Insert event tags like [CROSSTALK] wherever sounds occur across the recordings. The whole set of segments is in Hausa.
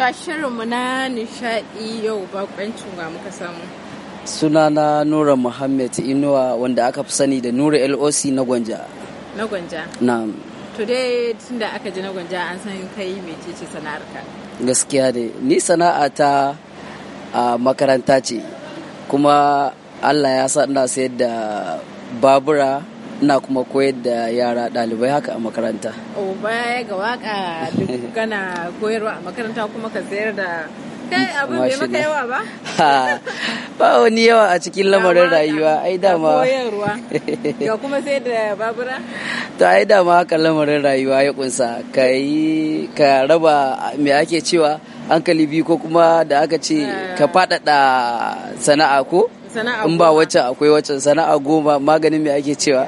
Ta shirinmu na nishaɗi yau bakwancin wa muka samu. Sunana Nura muhammed Inuwa wanda aka fi sani da Nura LOC na Gwanja. Na Gwanja? na. Today da aka ji na Gwanja an san kai mecece sana'arka. Gaskiya ne, ni sana'a ta a makaranta ce, kuma Allah ya sa ina sayar da babura ina kuma koyar da yara ɗalibai haka a makaranta o oh, baya ga waka duk [LAUGHS] kana koyarwa a makaranta kuma ka sayar da kai abin bai maka yawa ba ba wani yawa a cikin lamarin rayuwa ai dama koyarwa [LAUGHS] ga kuma sai da babura to ai dama haka lamarin rayuwa ya kunsa ka yi ka raba me ake cewa hankali biyu ko kuma da aka ce ka eh. faɗaɗa sana'a ko in ba wacce akwai wacce sana'a goma maganin me ake cewa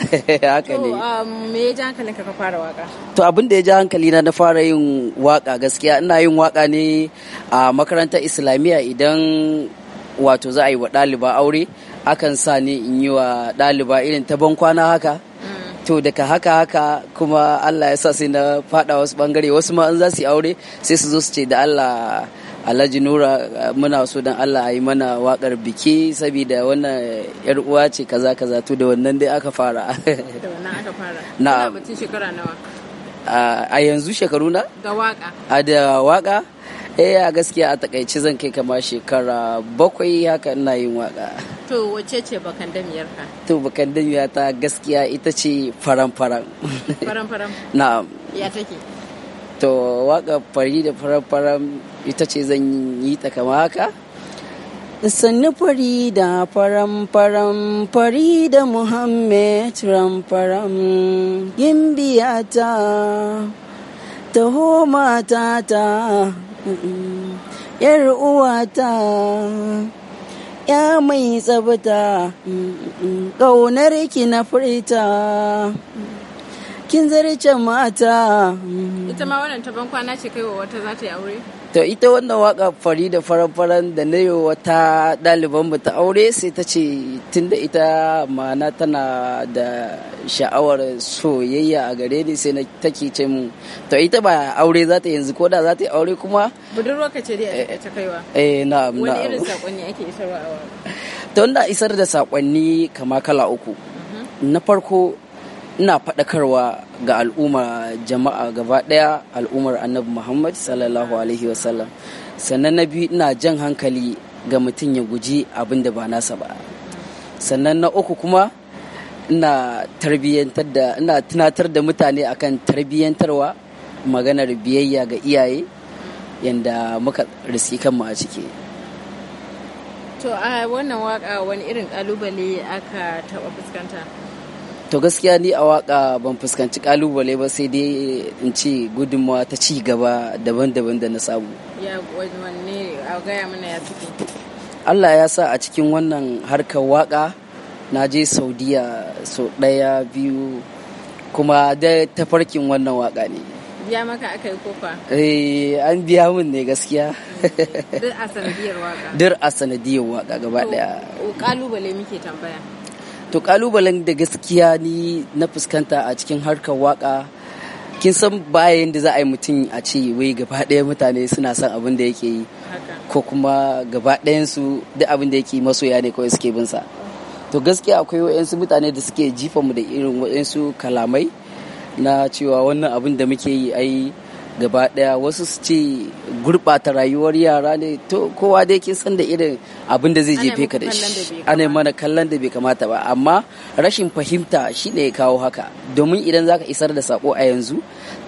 [LAUGHS] haka ne um, me ya ji ka fara waka to abin da ya ji hankali na na fara yin waka gaskiya ina yin waka ne a makarantar islamiyya idan wato za a yi wa ɗaliba aure akan sa ni in yi wa ɗaliba irin ta bankwana haka mm. to daga haka haka kuma allah ya sa sai na faɗa wasu ɓangare wasu ma za su yi aure sai su zo su ce da allah alhaji nura muna so don allah a yi mana wakar biki saboda wannan yar uwa ce kaza kaza to da wannan dai aka fara da wannan aka fara [LAUGHS] na batun shekara nawa a yanzu shekaru na da waka a da waka eh a gaskiya a takaice zan kai kama shekara bakwai haka ina yin waka to wace ce bakandamiyar ka to bakandamiyar ta gaskiya ita ce faran faran faran faran [LAUGHS] na'am ya take to waka fari da farar ita ce zan yi ta kama haka sannu fari da faram faram fari da muhammed faram ta taho matata yar uwata ya mai tsabta ƙaunar ki na furta kin can mata ita ma wannan taban kwana ce kai wa wata za ta yi aure to ita wannan waka fari da faran-faran da na yi wata ɗaliban mu ta aure sai ta ce tunda ita ma'ana tana da sha'awar soyayya a gare ni sai na take ce mu to ita ba aure za ta yanzu ko da za ta yi aure kuma budurwa ka ce dai a eh, ta kaiwa eh na'am na'am wani irin saƙonni ake isarwa a waka to da isar da saƙonni kama kala uku mhm. na farko ina faɗakarwa ga al'umma jama'a gaba ɗaya al'ummar annabi muhammad sallallahu alaihi wasallam sannan na biyu ina jan hankali ga mutum ya guji abin da ba nasa ba sannan na uku kuma ina tarbiyyantar da ina tunatar da mutane akan tarbiyyantarwa maganar biyayya ga iyaye yadda muka riski kanmu a ciki to a wannan waka wani irin kalubale aka taɓa fuskanta to gaskiya ni a waka ban fuskanci kalubale ba sai dai in ce gudunmawa ta ci gaba daban-daban da na samu ya a gaya mana ya Allah ya sa a cikin wannan harkar waka na je saudiya sau ɗaya biyu kuma da tafarkin wannan waka ne biya maka aka yi kofa? eh an biya min ne gaskiya Dur a sanadiyar waka Dur a sanadiyar waka gaba daya kalubale muke tambaya to kalubalen da gaskiya ni na fuskanta a cikin harkar waka kin san bayan da za a yi mutum a ce wai gaba ɗaya mutane suna son abin da yake yi ko kuma gaba ɗayansu duk abin da yake masoya ne kawai suke bin sa to gaskiya akwai wa'yansu mutane da suke jifa mu da irin wa'yansu kalamai na cewa wannan abin da muke yi ai gaba daya wasu su ce gurɓata rayuwar yara ne to kowa dai kin san da irin abin da zai jefe ka da shi ana mana kallon da bai kamata ba amma rashin fahimta shi ne kawo haka domin idan zaka isar da sako a yanzu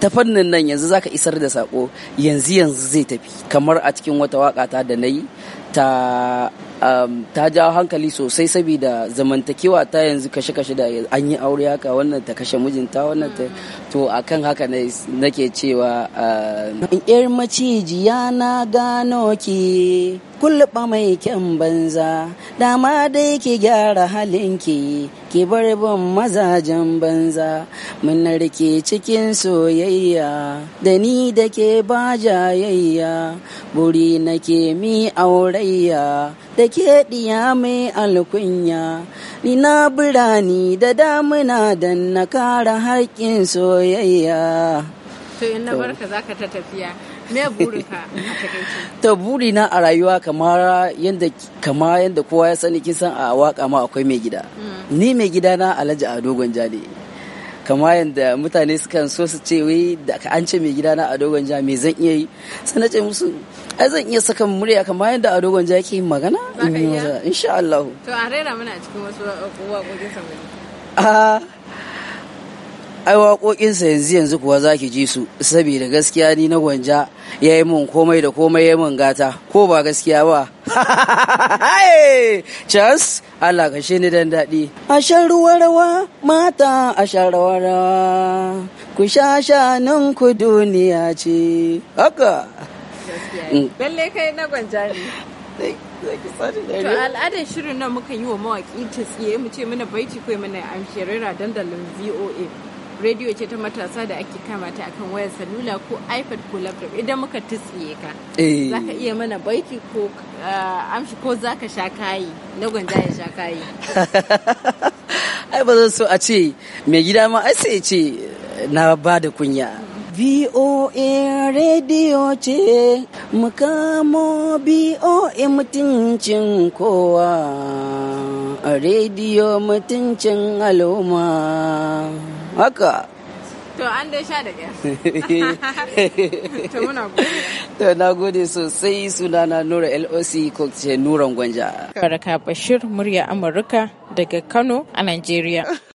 ta fannin nan yanzu zaka isar da sako yanzu yanzu zai tafi kamar a cikin wata waka ta da na yi ta um, jawo hankali sosai saboda zamantakewa ta yanzu kashe-kashe da an yi aure haka wannan ta kashe mijinta wannan ta to kan haka nake cewa yar um, maciji ya na gano ki kulluɓa mai kyan banza dama dai ki gyara halinki ki bar bin mazajen banza mun rike cikin soyayya da ni da ke ba jayayya buri nake mi aure tarayya da ke ɗiya mai alkunya ni na birani da damuna don na kara haƙƙin soyayya to in na barka zaka ta tafiya me burinka [LAUGHS] a takaice to burina a rayuwa kamar yadda kama yadda kowa ya sani kin san a waka ma akwai mai gida mm. ni mai gida na Alhaji Ado Gwanja kama yadda mutane sukan so su ce wai da an ce mai gidana a dogon ja me zan iya yi sai na ce musu ai zan iya saka murya kama yadda a dogon ja yake yin magana insha Allah to a rera muna cikin wasu waƙoƙin sa a ah, ai waƙoƙinsa yanzu yanzu kuwa zaki ji su saboda gaskiya ni na gwanja ya yi mun komai da komai ya yi mun gata ko ba gaskiya ba Cas, [LAUGHS] Allah ka shi ni dan daɗi. A shan ruwa rawa, mata a shan rawa rawa, ku sha nan ku duniya ce. Haka. Lalle kai na gwanja ne. To al'adar shirin nan muka yi wa mawaƙi ta tsiye mu ce mana baiti kai mana amshirira dandalin VOA. rediyo ce ta matasa da ake kama ta akan wayar salula ko ipad ko laptop idan muka tsiye ka eh. za ka iya mana baiki ko ah, amshi ko za ka sha kayi na gwanja ya sha kayi [LAUGHS] ai ba zan so a ce mai gida ma ai sai ce na ba da kunya VOA radio ce mukamo VOA mutuncin kowa a mutuncin al'umma. haka to an dai sha da [LAUGHS] to muna na gode sosai sunana nura loc ko ce nuran gwanja baraka bashir murya amurka daga kano a nigeria